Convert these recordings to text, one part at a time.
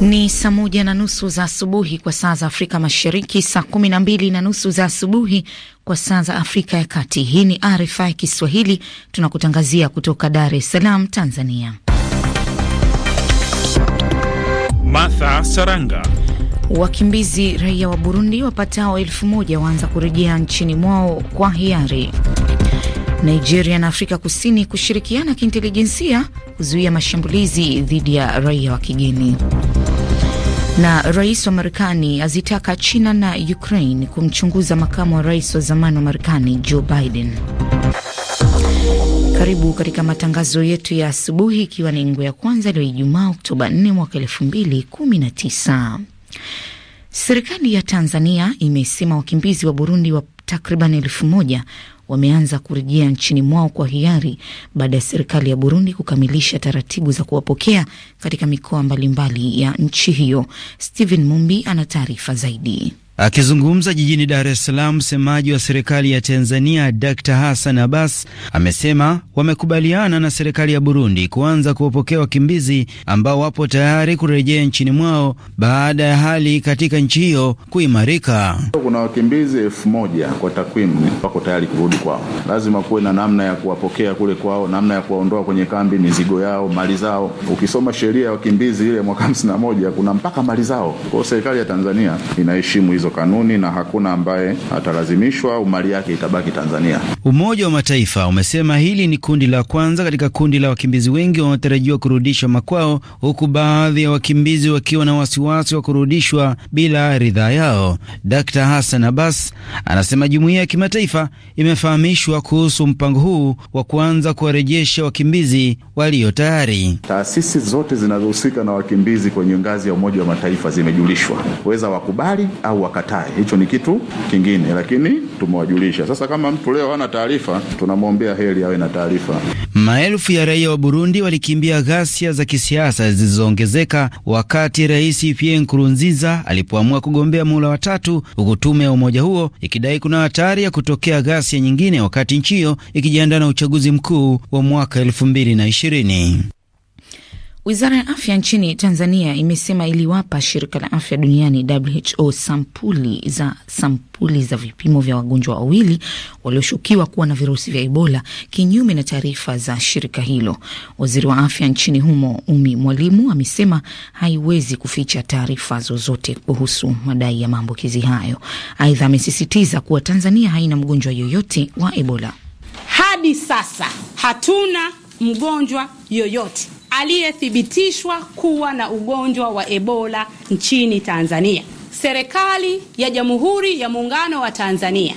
Ni saa moja na nusu za asubuhi kwa saa za Afrika Mashariki, saa kumi na mbili na nusu za asubuhi kwa saa za Afrika ya Kati. Hii ni RFI Kiswahili, tunakutangazia kutoka Dar es Salaam, Tanzania. Martha Saranga. Wakimbizi raia wa Burundi wapatao elfu moja waanza kurejea nchini mwao kwa hiari. Nigeria na Afrika Kusini kushirikiana kiintelijensia kuzuia mashambulizi dhidi ya raia wa kigeni. Na rais wa Marekani azitaka China na Ukraine kumchunguza makamu wa rais wa zamani wa Marekani Joe Biden. Karibu katika matangazo yetu ya asubuhi, ikiwa ni ngo ya kwanza leo Ijumaa Oktoba 4 mwaka 2019. Serikali ya Tanzania imesema wakimbizi wa Burundi wa takriban elfu moja wameanza kurejea nchini mwao kwa hiari baada ya serikali ya Burundi kukamilisha taratibu za kuwapokea katika mikoa mbalimbali ya nchi hiyo. Stephen Mumbi ana taarifa zaidi. Akizungumza jijini Dar es Salaam, msemaji wa serikali ya Tanzania Dr Hassan Abbas amesema wamekubaliana na serikali ya Burundi kuanza kuwapokea wakimbizi ambao wapo tayari kurejea nchini mwao baada ya hali katika nchi hiyo kuimarika. Kuna wakimbizi elfu moja kwa takwimu wako tayari kurudi kwao. Lazima kuwe na namna ya kuwapokea kule kwao, namna ya kuwaondoa kwenye kambi, mizigo yao, mali zao. Ukisoma sheria ya wakimbizi ile mwaka hamsini na moja kuna mpaka mali zao kwao. Serikali ya Tanzania inaheshimu hizo hizo kanuni na hakuna ambaye atalazimishwa au mali yake itabaki Tanzania. Umoja wa Mataifa umesema hili ni kundi la kwanza katika kundi la wakimbizi wengi wanaotarajiwa kurudishwa makwao, huku baadhi ya wakimbizi wakiwa na wasiwasi wa kurudishwa bila ridhaa yao. Dkt. Hassan Abbas anasema jumuiya ya kimataifa imefahamishwa kuhusu mpango huu wa kuanza kuwarejesha wakimbizi walio tayari. Taasisi zote zinazohusika na wakimbizi kwenye ngazi ya Umoja wa Mataifa zimejulishwa, weza wakubali au waka tukatae. Hicho ni kitu kingine, lakini tumewajulisha. Sasa kama mtu leo hana taarifa, tunamwombea heri awe na taarifa. Maelfu ya raia wa Burundi walikimbia ghasia za kisiasa zilizoongezeka wakati Rais Pierre Nkurunziza alipoamua kugombea muhula wa tatu, huku tume ya umoja huo ikidai kuna hatari ya kutokea ghasia nyingine wakati nchi hiyo ikijiandaa na uchaguzi mkuu wa mwaka elfu mbili na ishirini. Wizara ya afya nchini Tanzania imesema iliwapa shirika la afya duniani WHO sampuli za sampuli za vipimo vya wagonjwa wawili walioshukiwa kuwa na virusi vya Ebola, kinyume na taarifa za shirika hilo. Waziri wa afya nchini humo Umi Mwalimu amesema haiwezi kuficha taarifa zozote kuhusu madai ya maambukizi hayo. Aidha, amesisitiza kuwa Tanzania haina mgonjwa yoyote wa Ebola. Hadi sasa hatuna mgonjwa yoyote aliyethibitishwa kuwa na ugonjwa wa Ebola nchini Tanzania. Serikali ya Jamhuri ya Muungano wa Tanzania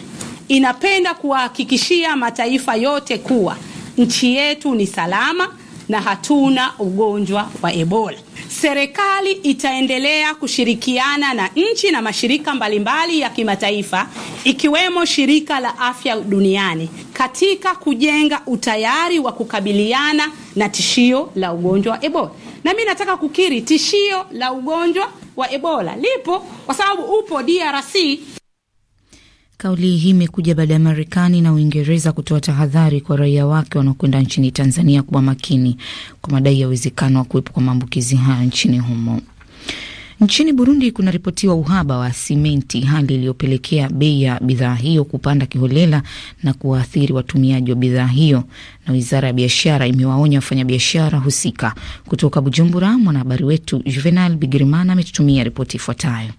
inapenda kuwahakikishia mataifa yote kuwa nchi yetu ni salama na hatuna ugonjwa wa Ebola. Serikali itaendelea kushirikiana na nchi na mashirika mbalimbali ya kimataifa ikiwemo Shirika la Afya Duniani katika kujenga utayari wa kukabiliana na tishio la ugonjwa wa Ebola. Na mimi nataka kukiri tishio la ugonjwa wa Ebola lipo kwa sababu upo DRC Kauli hii imekuja baada ya Marekani na Uingereza kutoa tahadhari kwa raia wake wanaokwenda nchini Tanzania kuwa makini kwa madai ya uwezekano wa kuwepo kwa maambukizi hayo nchini humo. Nchini Burundi kunaripotiwa uhaba wa simenti, hali iliyopelekea bei ya bidhaa hiyo kupanda kiholela na kuwaathiri watumiaji wa bidhaa hiyo, na wizara ya biashara imewaonya wafanyabiashara husika. Kutoka Bujumbura, mwanahabari wetu Juvenal Bigirimana ametutumia ripoti ifuatayo.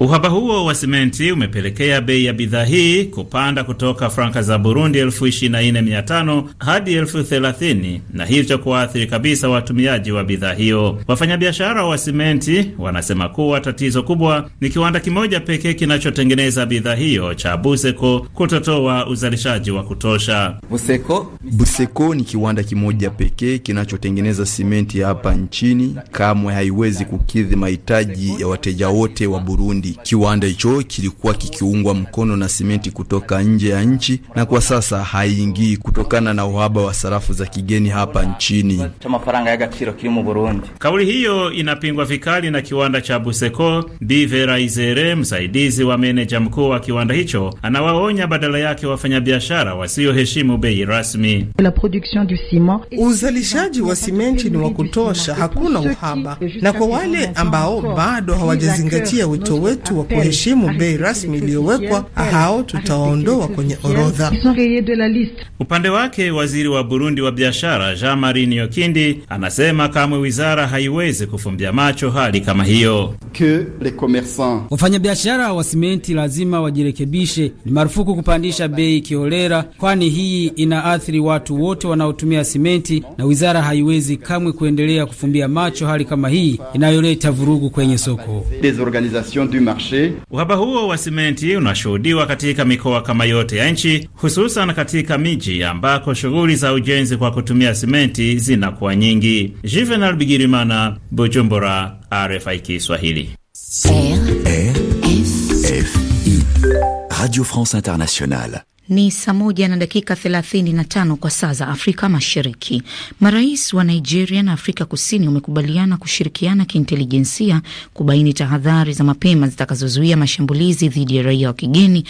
Uhaba huo wa simenti umepelekea bei ya bidhaa hii kupanda kutoka franka za Burundi 24500 hadi e30 na hivyo kuathiri kabisa watumiaji wa bidhaa hiyo. Wafanyabiashara wa simenti wanasema kuwa tatizo kubwa ni kiwanda kimoja pekee kinachotengeneza bidhaa hiyo cha Buseko kutotoa uzalishaji wa kutosha. Buseko, Buseko ni kiwanda kimoja pekee kinachotengeneza simenti hapa nchini, kamwe haiwezi kukidhi mahitaji ya wateja wote wa Burundi zaidi. Kiwanda hicho kilikuwa kikiungwa mkono na simenti kutoka nje ya nchi na kwa sasa haiingii kutokana na uhaba wa sarafu za kigeni hapa nchini. Kauli hiyo inapingwa vikali na kiwanda cha Buseko. Izere, msaidizi wa meneja mkuu wa kiwanda hicho, anawaonya badala yake wafanyabiashara wasioheshimu bei rasmi. Uzalishaji wa simenti ni wa kutosha, hakuna uhaba, na kwa wale ambao bado hawajazingatia wito wetu wetu wa kuheshimu bei rasmi iliyowekwa, hao tutawaondoa kwenye orodha. Upande wake, waziri wa Burundi wa biashara Jean Marie niokindi anasema kamwe wizara haiwezi kufumbia macho hali kama hiyo. Wafanyabiashara wa simenti lazima wajirekebishe. Ni marufuku kupandisha bei kiholela, kwani hii inaathiri watu wote wanaotumia simenti, na wizara haiwezi kamwe kuendelea kufumbia macho hali kama hii inayoleta vurugu kwenye soko marché. Uhaba huo wa simenti unashuhudiwa katika mikoa kama yote ya nchi, hususan katika miji ambako shughuli za ujenzi kwa kutumia simenti zinakuwa nyingi. Juvenal Bigirimana, Bujumbura, RFI Kiswahili. Radio France Internationale. Ni saa moja na dakika 35 kwa saa za Afrika Mashariki. Marais wa Nigeria na Afrika Kusini wamekubaliana kushirikiana kiintelijensia kubaini tahadhari za mapema zitakazozuia mashambulizi dhidi ya raia wa kigeni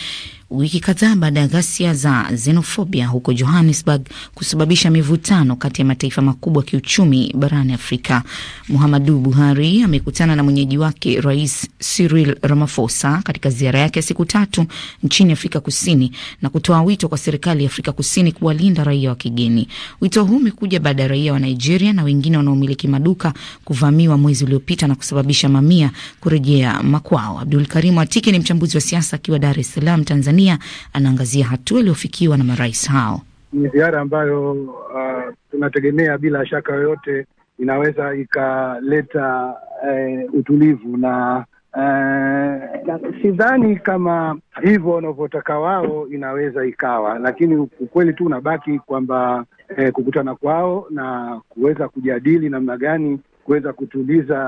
wiki kadhaa baada ya ghasia za xenofobia huko Johannesburg kusababisha mivutano kati ya mataifa makubwa kiuchumi barani Afrika. Muhammadu Buhari amekutana na mwenyeji wake Rais Cyril Ramaphosa katika ziara yake ya siku tatu nchini Afrika Kusini na kutoa wito kwa serikali ya Afrika Kusini kuwalinda raia wa kigeni. Wito huu umekuja baada ya raia wa Nigeria na wengine wanaomiliki maduka kuvamiwa mwezi uliopita na kusababisha mamia kurejea makwao. Abdul Karimu Atike ni mchambuzi wa siasa akiwa Dar es Salaam, Tanzania. Tanzania anaangazia hatua iliyofikiwa na marais hao. Ni ziara ambayo uh, tunategemea bila shaka yoyote inaweza ikaleta uh, utulivu na Uh, sidhani kama hivyo wanavyotaka wao inaweza ikawa, lakini ukweli tu unabaki kwamba eh, kukutana kwao na kuweza kujadili namna gani kuweza kutuliza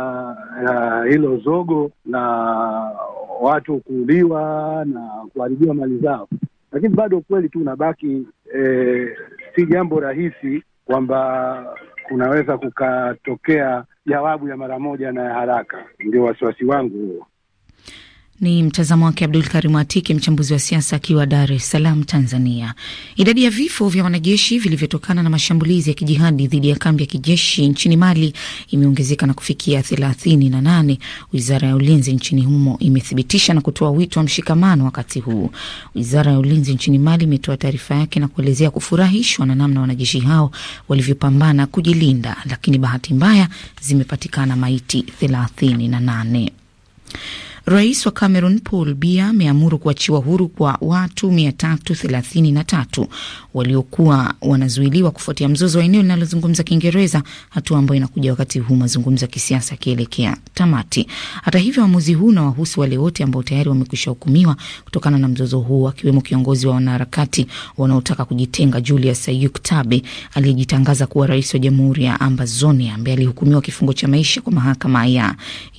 eh, hilo zogo la watu kuuliwa na kuharibiwa mali zao, lakini bado ukweli tu unabaki e, si jambo rahisi kwamba kunaweza kukatokea jawabu ya mara moja na ya haraka. Ndio wasiwasi wangu huo. Ni mtazamo wake Abdul Karimu Atike, mchambuzi wa siasa akiwa Dar es Salaam, Tanzania. Idadi ya vifo vya wanajeshi vilivyotokana na mashambulizi ya kijihadi dhidi ya kambi ya kijeshi nchini Mali imeongezeka na kufikia thelathini na nane, wizara ya ulinzi nchini humo imethibitisha na kutoa wito wa mshikamano wakati huu. Wizara ya ulinzi nchini Mali imetoa taarifa yake na kuelezea kufurahishwa na namna wanajeshi hao walivyopambana kujilinda, lakini bahati mbaya zimepatikana maiti thelathini na nane. Rais wa Cameroon Paul Biya ameamuru kuachiwa huru kwa watu 333 waliokuwa wanazuiliwa kufuatia mzozo wa eneo linalozungumza Kiingereza, hatua ambayo inakuja wakati huu mazungumzo ya kisiasa yakielekea tamati. Hata hivyo, uamuzi huu unawahusu wale wote ambao tayari wamekwisha hukumiwa kutokana na mzozo huu, akiwemo kiongozi wa wanaharakati wanaotaka kujitenga Julius Ayuk Tabe aliyejitangaza kuwa rais wa jamhuri ya Ambazonia ambaye alihukumiwa kifungo cha maisha kwa mahakama ya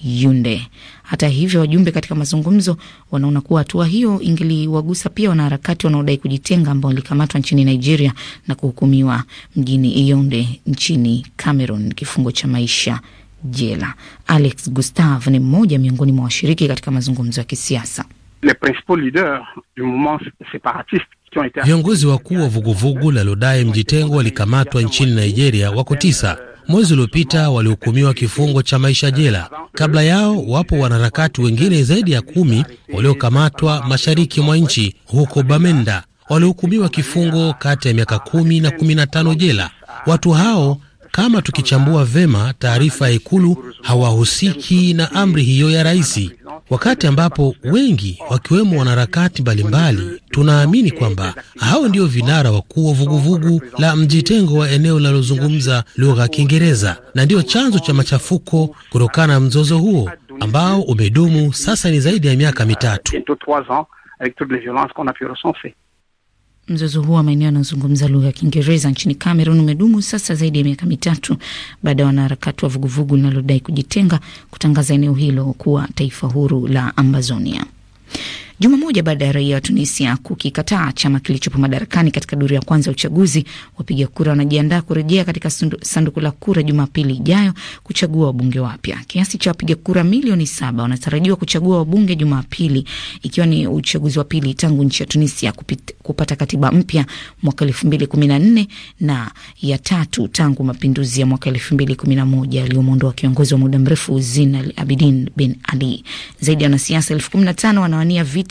Yunde. Hata hivyo, wajumbe katika mazungumzo wanaona kuwa hatua hiyo ingeliwagusa pia wanaharakati wanaodai kujitenga ambao walikamatwa nchini Nigeria na kuhukumiwa mjini Yaounde nchini Cameroon kifungo cha maisha jela. Alex Gustave ni mmoja miongoni mwa washiriki katika mazungumzo ya kisiasa. Viongozi wakuu wa vuguvugu lalodae mjitengo walikamatwa nchini Nigeria wako tisa mwezi uliopita walihukumiwa kifungo cha maisha jela. Kabla yao wapo wanaharakati wengine zaidi ya kumi waliokamatwa mashariki mwa nchi huko Bamenda, walihukumiwa kifungo kati ya miaka kumi na kumi na tano jela. Watu hao kama tukichambua vema taarifa ya Ikulu, hawahusiki na amri hiyo ya rais, wakati ambapo wengi wakiwemo wanaharakati mbalimbali tunaamini kwamba hao ndio vinara wakuu wa vuguvugu la mjitengo wa eneo linalozungumza lugha ya Kiingereza na ndiyo chanzo cha machafuko kutokana na mzozo huo ambao umedumu sasa ni zaidi ya miaka mitatu. Mzozo huo wa maeneo yanayozungumza lugha ya Kiingereza nchini Cameroon umedumu sasa zaidi ya miaka mitatu baada ya wanaharakati wa vuguvugu linalodai kujitenga kutangaza eneo hilo kuwa taifa huru la Ambazonia juma moja baada ya raia wa Tunisia kukikataa chama kilichopo madarakani katika duru ya kwanza ya uchaguzi. Wapiga kura wanajiandaa kurejea katika sanduku la kura Jumapili ijayo kuchagua wabunge wapya. Kiasi cha wapiga kura milioni saba wanatarajiwa kuchagua wabunge Jumapili, ikiwa ni uchaguzi wa pili tangu nchi ya Tunisia kupita, kupata katiba mpya mwaka elfu mbili kumi na nne na ya tatu tangu mapinduzi ya mwaka elfu mbili kumi na moja yaliyomwondoa kiongozi wa muda mrefu Zine Al Abidin Ben Ali. Zaidi ya wanasiasa elfu kumi na tano wanawania viti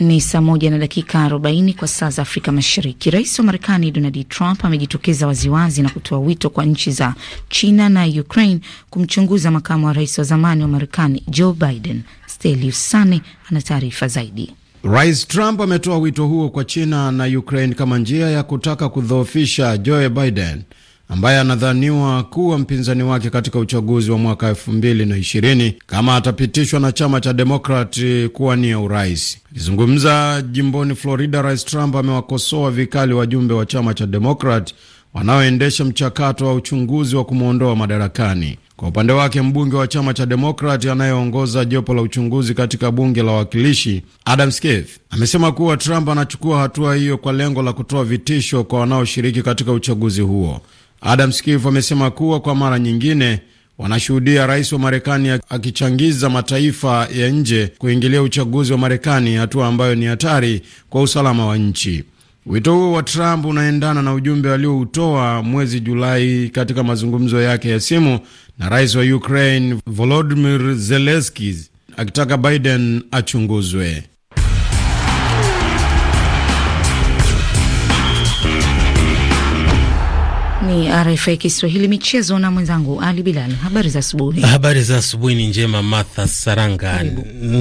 Ni saa moja na dakika 40 kwa saa za Afrika Mashariki. Rais wa Marekani Donald Trump amejitokeza waziwazi na kutoa wito kwa nchi za China na Ukraine kumchunguza makamu wa rais wa zamani wa Marekani Joe Biden. Stelius Sane ana taarifa zaidi. Rais Trump ametoa wito huo kwa China na Ukraine kama njia ya kutaka kudhoofisha Joe Biden ambaye anadhaniwa kuwa mpinzani wake katika uchaguzi wa mwaka elfu mbili na ishirini kama atapitishwa na chama cha Demokrati kuwania urais. Akizungumza jimboni Florida, Rais Trump amewakosoa vikali wajumbe wa chama cha Demokrat wanaoendesha mchakato wa uchunguzi wa kumwondoa madarakani. Kwa upande wake mbunge wa chama cha Demokrati anayeongoza jopo la uchunguzi katika bunge la wawakilishi Adam Schiff amesema kuwa Trump anachukua hatua hiyo kwa lengo la kutoa vitisho kwa wanaoshiriki katika uchaguzi huo. Adam Schiff amesema kuwa kwa mara nyingine wanashuhudia rais wa Marekani akichangiza mataifa ya nje kuingilia uchaguzi wa Marekani, hatua ambayo ni hatari kwa usalama wa nchi. Wito huo wa Trump unaendana na ujumbe alioutoa mwezi Julai katika mazungumzo yake ya simu na rais wa Ukraine Volodymyr Zelensky akitaka Biden achunguzwe. Ni RFI Kiswahili michezo na mwenzangu Ali Bilal. Habari za asubuhi. Habari za asubuhi ni njema, Martha Saranga,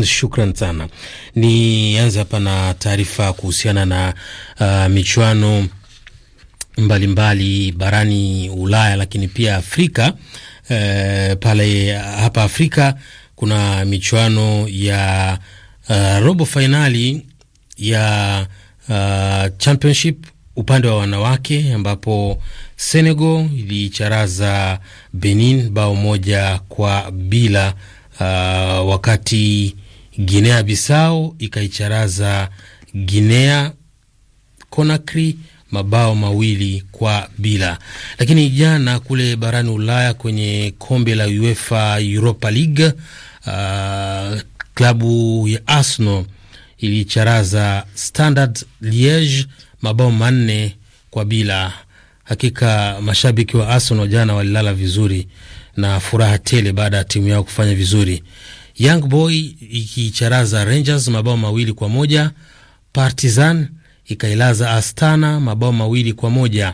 shukran sana. Nianze hapa na taarifa kuhusiana na uh, michuano mbalimbali mbali, barani Ulaya lakini pia Afrika. Uh, pale hapa Afrika kuna michuano ya uh, robo fainali ya uh, championship upande wa wanawake ambapo Senegal ilicharaza Benin bao moja kwa bila, uh, wakati Guinea Bissau ikaicharaza Guinea Conakry mabao mawili kwa bila. Lakini jana kule barani Ulaya kwenye kombe la UEFA Europa League, uh, klabu ya Arsenal ilicharaza Standard Liege mabao manne kwa bila Hakika mashabiki wa Arsenal jana walilala vizuri na furaha tele baada ya timu yao kufanya vizuri. Young Boy ikicharaza Rangers mabao mawili kwa moja. Partizan ikailaza Astana mabao mawili kwa moja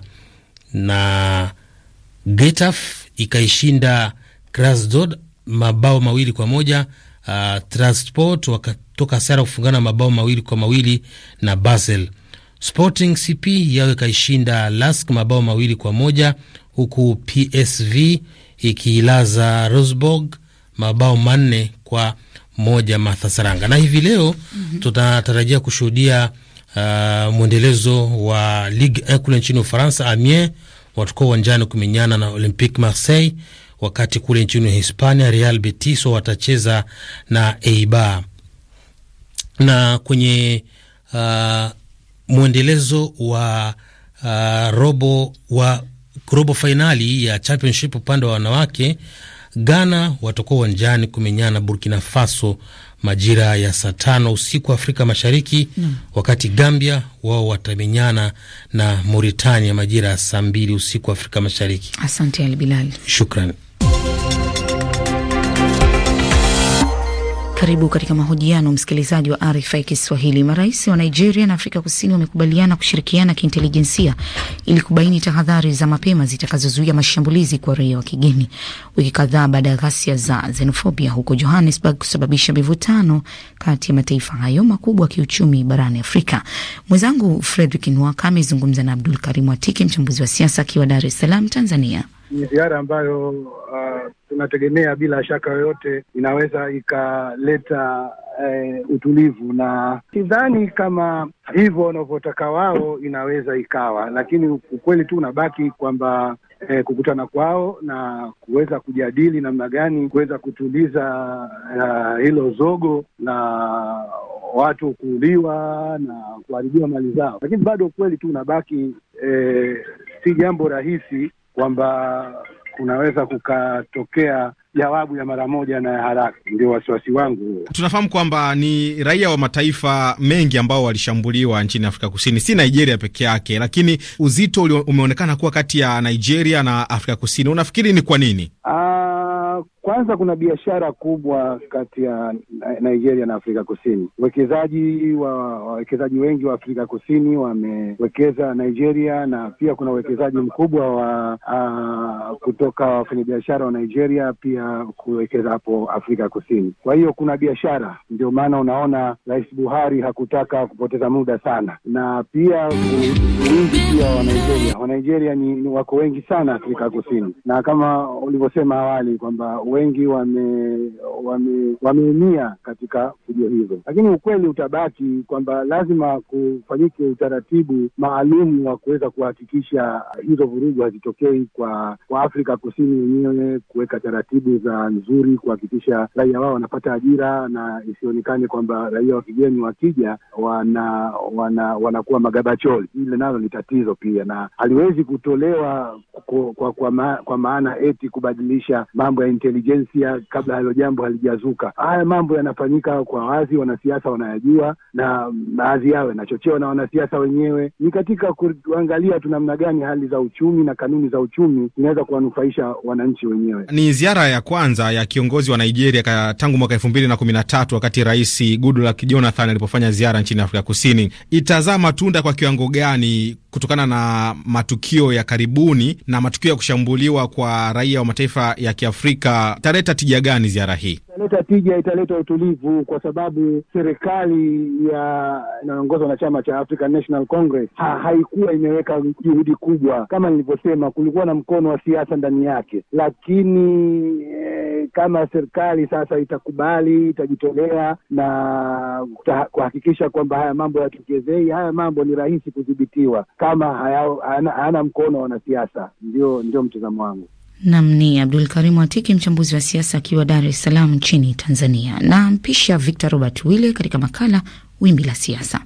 na getaf ikaishinda Krasnodar mabao mawili kwa moja. Uh, Transport wakatoka sara kufungana mabao mawili kwa mawili na Basel. Sporting CP yao ikaishinda Lask mabao mawili kwa moja huku PSV ikiilaza Rosborg mabao manne kwa moja Mathasaranga. Na hivi leo mm -hmm. tunatarajia kushuhudia uh, mwendelezo wa Ligue 1 kule nchini Ufaransa. Amiens watakuwa uwanjani kumenyana na Olympique Marseille, wakati kule nchini Hispania Real Betis watacheza na Eibar na kwenye uh, mwendelezo wa uh, robo wa robo fainali ya championship upande wa wanawake, Ghana watakuwa uwanjani kumenyana Burkina Faso majira ya saa tano usiku wa Afrika Mashariki mm. Wakati Gambia wao watamenyana na Mauritania majira ya saa mbili usiku wa Afrika Mashariki. Asante Ali Bilal, shukrani. Karibu katika mahojiano, msikilizaji wa RFI Kiswahili. Marais wa Nigeria na Afrika Kusini wamekubaliana kushirikiana kiintelijensia ili kubaini tahadhari za mapema zitakazozuia mashambulizi kwa raia wa kigeni, wiki kadhaa baada ya ghasia za xenofobia huko Johannesburg kusababisha mivutano kati ya mataifa hayo makubwa kiuchumi barani Afrika. Mwenzangu Fredrick Nwaka amezungumza na Abdul Karimu Atike, mchambuzi wa siasa akiwa Dar es Salaam, Tanzania ni ziara ambayo uh, tunategemea bila shaka yoyote inaweza ikaleta uh, utulivu, na sidhani kama hivyo wanavyotaka wao inaweza ikawa, lakini ukweli tu unabaki kwamba E, kukutana kwao na kuweza kujadili namna gani kuweza kutuliza uh, hilo zogo la watu kuuliwa na kuharibiwa mali zao, lakini bado ukweli tu unabaki e, si jambo rahisi kwamba kunaweza kukatokea jawabu ya mara moja na ya haraka. Ndio wasiwasi wangu. Tunafahamu kwamba ni raia wa mataifa mengi ambao walishambuliwa nchini Afrika Kusini, si Nigeria peke yake, lakini uzito umeonekana kuwa kati ya Nigeria na Afrika Kusini. Unafikiri ni kwa nini? Aa, ah, kwanza kuna biashara kubwa kati ya Nigeria na Afrika Kusini. Wekezaji wa wawekezaji wengi wa Afrika Kusini wamewekeza Nigeria, na pia kuna uwekezaji mkubwa wa a, kutoka wafanyabiashara wa Nigeria pia kuwekeza hapo Afrika Kusini. Kwa hiyo kuna biashara, ndio maana unaona Rais Buhari hakutaka kupoteza muda sana, na pia wingi pia wa Nigeria. Wa Nigeria ni, ni wako wengi sana Afrika Kusini, na kama ulivyosema awali kwamba wengi wameumia wame, wame katika fujo hizo, lakini ukweli utabaki kwamba lazima kufanyike utaratibu maalum wa kuweza kuhakikisha hizo vurugu hazitokei. Kwa kwa Afrika Kusini yenyewe kuweka taratibu za nzuri kuhakikisha raia wao wanapata ajira na isionekane kwamba raia wa kigeni wakija wana wanakuwa wana magabacholi. Hilo nalo ni tatizo pia, na haliwezi kutolewa kwa, kwa, kwa, ma, kwa maana eti kubadilisha mambo ya intelijensia kabla hilo jambo halijazuka. Haya mambo yanafanyika kwa wazi, wanasiasa wanayajua, na baadhi yao yanachochewa na wanasiasa wenyewe. Ni katika kuangalia tu namna gani hali za uchumi na kanuni za uchumi zinaweza kuwanufaisha wananchi wenyewe. Ni ziara ya kwanza ya kiongozi wa Nigeria tangu mwaka elfu mbili na kumi na tatu wakati Rais Goodluck Jonathan alipofanya ziara nchini Afrika Kusini. Itazaa matunda kwa kiwango gani kutokana na matukio ya karibuni na matukio ya kushambuliwa kwa raia wa mataifa ya Kiafrika italeta tija gani ziara hii? Italeta tija, italeta utulivu, kwa sababu serikali ya inayoongozwa na chama cha African National Congress ha, haikuwa imeweka juhudi kubwa. Kama nilivyosema, kulikuwa na mkono wa siasa ndani yake, lakini eh, kama serikali sasa itakubali, itajitolea na kuhakikisha kwamba haya mambo yatokezei, haya mambo ni rahisi kudhibitiwa kama hayana mkono wa wanasiasa. Ndio, ndio mtazamo wangu. Nam ni Abdul Karimu Atiki, mchambuzi wa siasa akiwa Dar es Salaam nchini Tanzania, na mpisha Victor Robert Wille katika makala Wimbi la Siasa.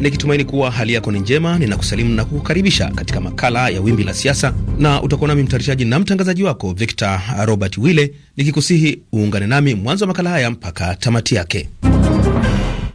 Nikitumaini kuwa hali yako ni njema, ninakusalimu na kukukaribisha katika makala ya Wimbi la Siasa, na utakuwa nami mtayarishaji na mtangazaji wako Victor Robert Wille, nikikusihi uungane nami mwanzo wa makala haya mpaka tamati yake.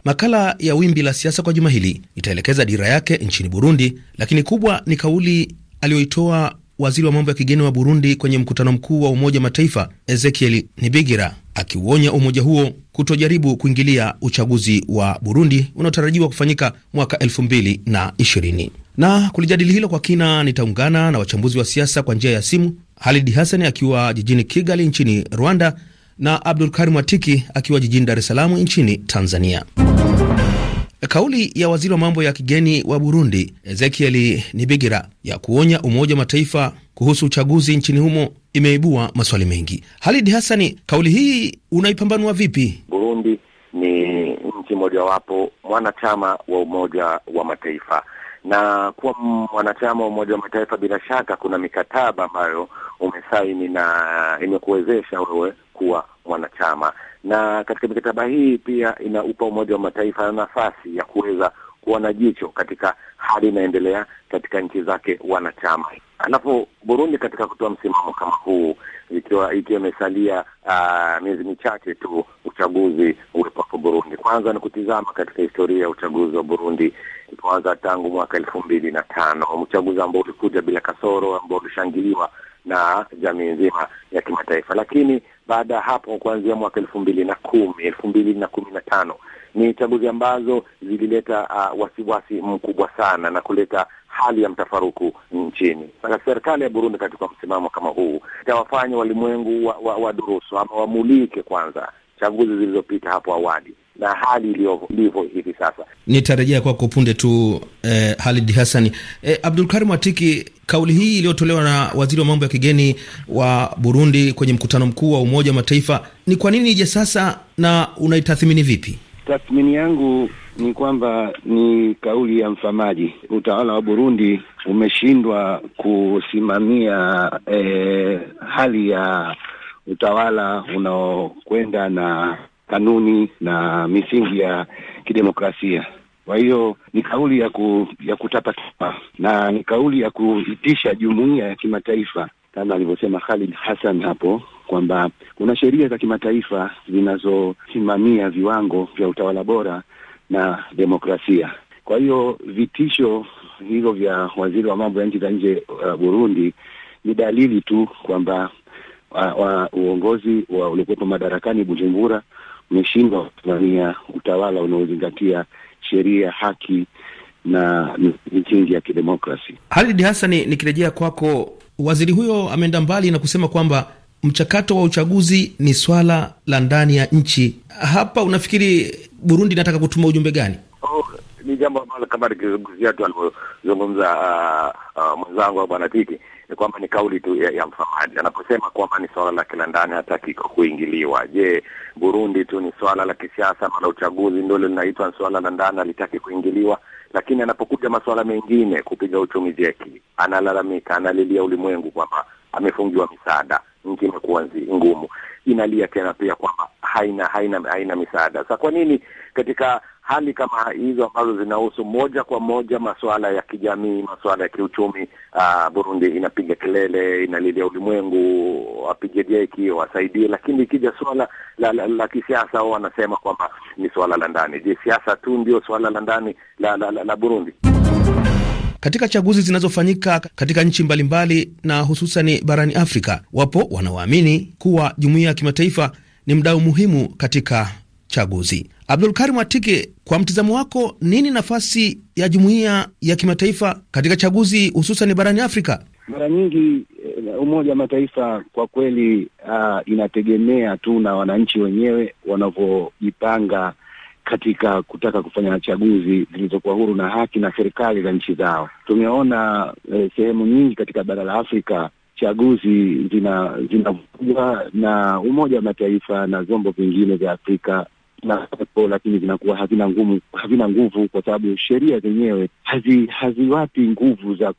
Makala ya Wimbi la Siasa kwa juma hili itaelekeza dira yake nchini Burundi, lakini kubwa ni kauli aliyoitoa waziri wa mambo ya kigeni wa Burundi kwenye mkutano mkuu wa Umoja Mataifa Ezekiel Nibigira, akiuonya umoja huo kutojaribu kuingilia uchaguzi wa Burundi unaotarajiwa kufanyika mwaka 2020. Na kulijadili hilo kwa kina, nitaungana na wachambuzi wa siasa kwa njia ya simu, Halidi Hasani akiwa jijini Kigali nchini Rwanda na Abdul Karim Watiki akiwa jijini Dar es Salaam nchini Tanzania. Kauli ya waziri wa mambo ya kigeni wa Burundi Ezekiel Nibigira ya kuonya Umoja wa Mataifa kuhusu uchaguzi nchini humo imeibua maswali mengi. Halid Hassani, kauli hii unaipambanua vipi? Burundi ni nchi mojawapo mwanachama wa Umoja wa Mataifa na kuwa mwanachama wa Umoja wa Mataifa, bila shaka kuna mikataba ambayo umesaini na imekuwezesha wewe kuwa mwanachama, na katika mikataba hii pia inaupa Umoja wa Mataifa na nafasi ya kuweza kuwa na jicho katika hali inaendelea katika nchi zake wanachama. Alafu Burundi katika kutoa msimamo kama huu ikiwa ikiwa imesalia uh, miezi michache tu uchaguzi ulipako Burundi. Kwanza ni kutizama katika historia ya uchaguzi wa Burundi ilipoanza tangu mwaka elfu mbili na tano, uchaguzi ambao ulikuja bila kasoro, ambao ulishangiliwa na jamii nzima ya kimataifa. Lakini baada ya hapo, kuanzia mwaka elfu mbili na kumi elfu mbili na kumi na tano ni chaguzi ambazo zilileta uh, wasiwasi mkubwa sana na kuleta hali ya mtafaruku nchini. Sasa serikali ya Burundi katika msimamo kama huu itawafanya walimwengu wa, wa, ama wamulike kwanza chaguzi zilizopita hapo awali na hali ilivyo hivi sasa. Nitarejea kwako punde tu eh, Halid Hassani. Eh, Karim Atiki, kauli hii iliyotolewa na waziri wa mambo ya kigeni wa Burundi kwenye mkutano mkuu wa Umoja wa Mataifa, ni kwa nini ije sasa na unaitathmini vipi? Tathmini yangu ni kwamba ni kauli ya mfamaji. Utawala wa Burundi umeshindwa kusimamia eh, hali ya utawala unaokwenda na kanuni na misingi ya kidemokrasia. Kwa hiyo ni kauli ya, ku, ya kutapatapa na ni kauli ya kuitisha jumuiya ya kimataifa kama alivyosema Khalid Hassan hapo kwamba kuna sheria za kimataifa zinazosimamia viwango vya utawala bora na demokrasia. Kwa hiyo vitisho hivyo vya waziri wa mambo ya nchi za nje uh, Burundi ni dalili tu kwamba uh, wa, uongozi wa uliokuwepo madarakani Bujumbura umeshindwa kusimamia utawala unaozingatia sheria, haki na misingi ya kidemokrasi. Halid Hassani, nikirejea kwako Waziri huyo ameenda mbali na kusema kwamba mchakato wa uchaguzi ni swala la ndani ya nchi. Hapa unafikiri Burundi inataka kutuma ujumbe gani? Oh, ni jambo ambalo kama nikizungumzia tu alivyozungumza uh, uh, mwenzangu bwana Tiki ni kwamba ni kauli tu ya, ya msamaji anaposema kwamba ni swala la kila ndani hataki kuingiliwa. Je, Burundi tu ni swala la kisiasa ama la uchaguzi ndio linaitwa swala la ndani halitaki kuingiliwa? lakini anapokuja masuala mengine kupiga uchumi jeki, analalamika, analilia ulimwengu kwamba amefungiwa misaada, nchi imekuwa ngumu, inalia tena pia kwamba haina haina haina misaada. Sasa kwa nini katika hali kama hizo ambazo zinahusu moja kwa moja masuala ya kijamii, masuala ya kiuchumi. Uh, Burundi inapiga kelele, inalilia ulimwengu wapige jeki, wasaidie, lakini ikija suala la, la, la, la kisiasa wao wanasema kwamba ni suala la ndani. Je, siasa tu ndio suala la ndani la, la, la, la Burundi? Katika chaguzi zinazofanyika katika nchi mbalimbali na hususani barani Afrika, wapo wanaoamini kuwa jumuiya ya kimataifa ni mdau muhimu katika chaguzi. Karim Atike, kwa mtizamo wako, nini nafasi ya jumuiya ya kimataifa katika chaguzi hususan barani Afrika? Mara nyingi eh, Umoja wa Mataifa kwa kweli, uh, inategemea tu na wananchi wenyewe wanavyojipanga katika kutaka kufanya chaguzi zilizokuwa huru na haki na serikali za nchi zao. Tumeona eh, sehemu nyingi katika bara la Afrika chaguzi zinavugwa zina na Umoja wa Mataifa na vyombo vingine vya Afrika na lakini vinakuwa havina ngumu, havina nguvu kwa sababu sheria zenyewe hazi, haziwapi nguvu za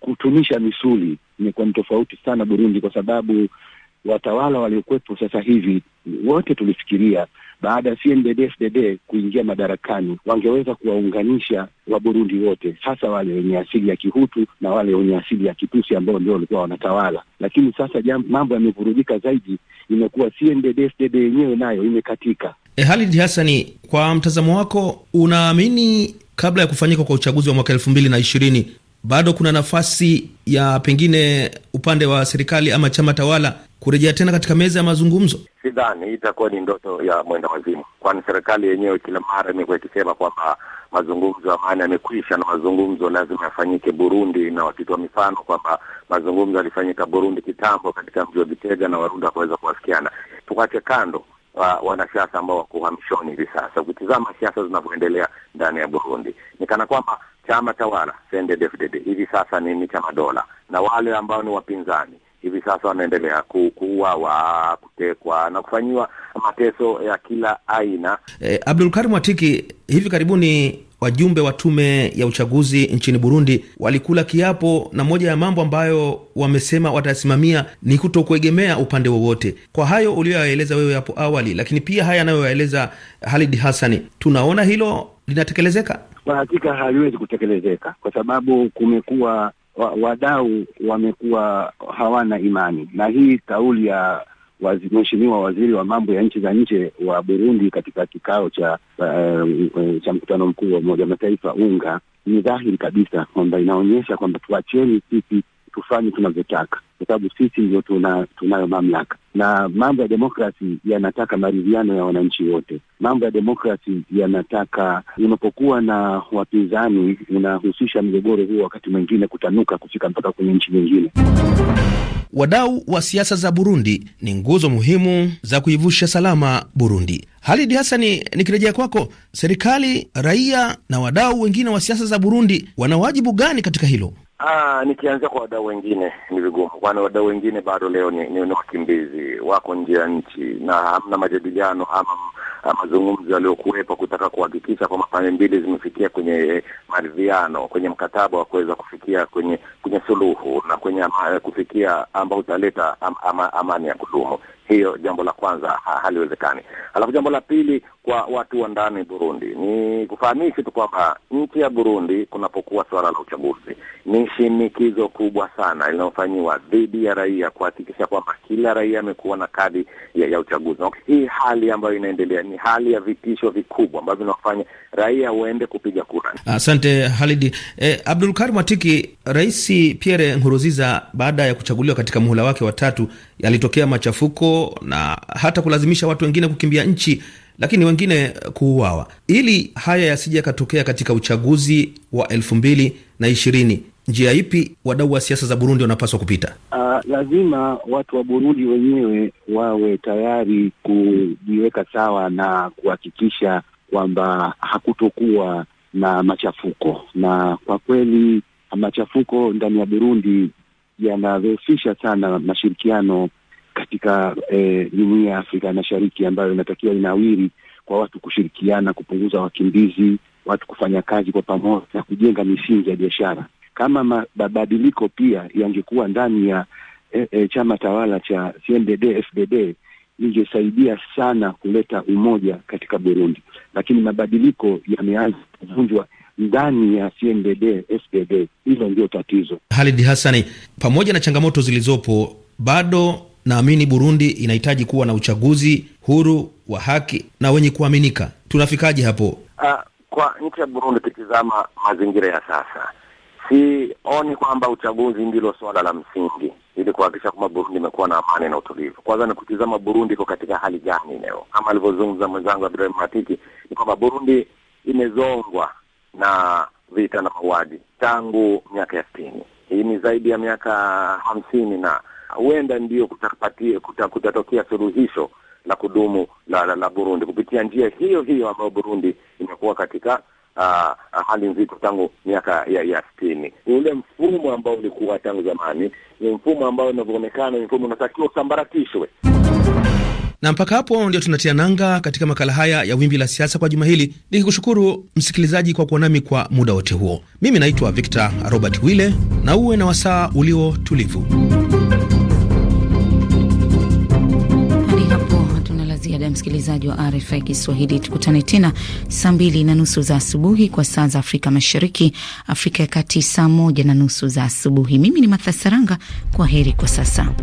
kutumisha misuli. Imekuwa ni tofauti sana Burundi kwa sababu watawala waliokuwepo sasa hivi wote tulifikiria baada ya CNDD-FDD kuingia madarakani wangeweza kuwaunganisha Waburundi wote, hasa wale wenye asili ya Kihutu na wale wenye asili ya Kitusi ambao ndio walikuwa wanatawala. Lakini sasa mambo yamevurugika zaidi, imekuwa CNDD-FDD yenyewe nayo imekatika. E, eh, Halid Hassani, kwa mtazamo wako unaamini kabla ya kufanyika kwa uchaguzi wa mwaka elfu mbili na ishirini bado kuna nafasi ya pengine upande wa serikali ama chama tawala kurejea tena katika meza ya mazungumzo? Sidhani hii itakuwa ni ndoto ya mwenda wazimu, kwani serikali yenyewe kila mara imekuwa ikisema kwamba mazungumzo ya amani yamekwisha na mazungumzo lazima yafanyike Burundi, na wakitoa mifano kwamba mazungumzo yalifanyika Burundi kitambo katika mji wa Bitega na Warundi wakaweza kuwasikiana. Tukache kando wa wanasiasa ambao wako uhamishoni hivi sasa. Ukitizama siasa zinavyoendelea ndani ya Burundi ni kana kwamba chama tawala CNDD-FDD hivi sasa ni, ni chama dola, na wale ambao ni wapinzani hivi sasa wanaendelea kuuawa, kutekwa na kufanyiwa mateso ya kila aina. Eh, Karim Watiki, hivi karibuni wajumbe wa tume ya uchaguzi nchini Burundi walikula kiapo na moja ya mambo ambayo wamesema watasimamia ni kutokuegemea upande wowote. Kwa hayo uliyoyaeleza wewe hapo awali, lakini pia haya anayoyaeleza Halid Hassani, tunaona hilo linatekelezeka? Kwa hakika haliwezi kutekelezeka kwa sababu kumekuwa wadau wamekuwa hawana imani na hii kauli ya wazi, mheshimiwa waziri wa mambo ya nchi za nje wa Burundi katika kikao cha uh, cha mkutano mkuu wa Umoja Mataifa unga ni dhahiri kabisa kwamba inaonyesha kwamba tuacheni sisi tufanye tunavyotaka, kwa sababu sisi ndio tuna, tunayo mamlaka. Na mambo ya demokrasi yanataka maridhiano ya wananchi wote. Mambo ya demokrasi yanataka, unapokuwa na wapinzani unahusisha mgogoro huo, wakati mwingine kutanuka kufika mpaka kwenye nchi nyingine. Wadau wa siasa za Burundi ni nguzo muhimu za kuivusha salama Burundi. Halidi Hasani, nikirejea kwako, serikali, raia na wadau wengine wa siasa za Burundi wana wajibu gani katika hilo? Ah, nikianzia kwa wadau wengine ni vigumu, kwani wadau wengine bado leo ni, ni wakimbizi wako nje ya nchi na hamna majadiliano ama ah, mazungumzo yaliyokuwepo kutaka kuhakikisha kwamba pande mbili zimefikia kwenye eh, maridhiano, kwenye mkataba wa kuweza kufikia kwenye kwenye suluhu na kwenye ama, eh, kufikia ambao utaleta am, ama, amani ya kudumu. Hiyo jambo la kwanza haliwezekani. Alafu jambo la pili, kwa watu wa ndani Burundi. Ni kufahamishi tu kwamba nchi ya Burundi, kunapokuwa suala la uchaguzi, ni shinikizo kubwa sana linalofanyiwa dhidi ya raia kuhakikisha kwamba kila raia amekuwa na kadi ya, ya uchaguzi. Na hii hali ambayo inaendelea ni hali ya vitisho vikubwa ambavyo vinafanya raia waende kupiga kura. Asante Halidi. Eh, Abdul Karim Atiki, Rais Pierre Nkurunziza baada ya kuchaguliwa katika muhula wake wa tatu, yalitokea machafuko na hata kulazimisha watu wengine kukimbia nchi lakini wengine kuuawa. Ili haya yasija yakatokea katika uchaguzi wa elfu mbili na ishirini, njia ipi wadau wa siasa za Burundi wanapaswa kupita? Uh, lazima watu wa Burundi wenyewe wawe tayari kujiweka sawa na kuhakikisha kwamba hakutokuwa na machafuko, na kwa kweli machafuko ndani ya Burundi yanadhoofisha sana mashirikiano katika eh, jumuia eh, ya Afrika ya Mashariki ambayo inatakiwa inawiri kwa watu kushirikiana, kupunguza wakimbizi, watu kufanya kazi kwa pamoja na kujenga misingi ya biashara. Kama mabadiliko pia yangekuwa ndani ya eh, eh, chama tawala cha CNDD FDD ingesaidia sana kuleta umoja katika Burundi, lakini mabadiliko yameanza kuvunjwa ndani ya CNDD FDD. Hilo ndio tatizo. Halid Hassani, pamoja na changamoto zilizopo, bado naamini Burundi inahitaji kuwa na uchaguzi huru wa haki na wenye kuaminika. Tunafikaje hapo? Uh, kwa nchi ya Burundi tukitizama mazingira ya sasa, sioni kwamba uchaguzi ndilo suala la msingi ili kuhakikisha kwamba Burundi imekuwa na amani na utulivu. Kwanza ni kutizama Burundi iko katika hali gani leo. Kama alivyozungumza mwenzangu Ibrahim Matiki, ni kwamba Burundi imezongwa na vita na mauaji tangu miaka ya sitini. Hii ni zaidi ya miaka hamsini na huenda ndio kutapatia kuta, kutatokea suluhisho la kudumu la, la, la Burundi kupitia njia hiyo hiyo ambayo Burundi imekuwa katika uh, hali nzito tangu miaka ya, ya sitini. Ni ule mfumo ambao ulikuwa tangu zamani, ni mfumo ambao unavyoonekana ni mfumo unatakiwa usambaratishwe. Na mpaka hapo ndio tunatia nanga katika makala haya ya Wimbi la Siasa kwa juma hili, nikikushukuru msikilizaji kwa kuwa nami kwa muda wote huo. Mimi naitwa Victor Robert Wille, na uwe na wasaa ulio tulivu. msikilizaji wa RFI Kiswahili. Tukutane tena saa mbili na nusu za asubuhi kwa saa za Afrika Mashariki, Afrika ya Kati saa moja na nusu za asubuhi. Mimi ni Matha Saranga, kwa heri kwa sasa.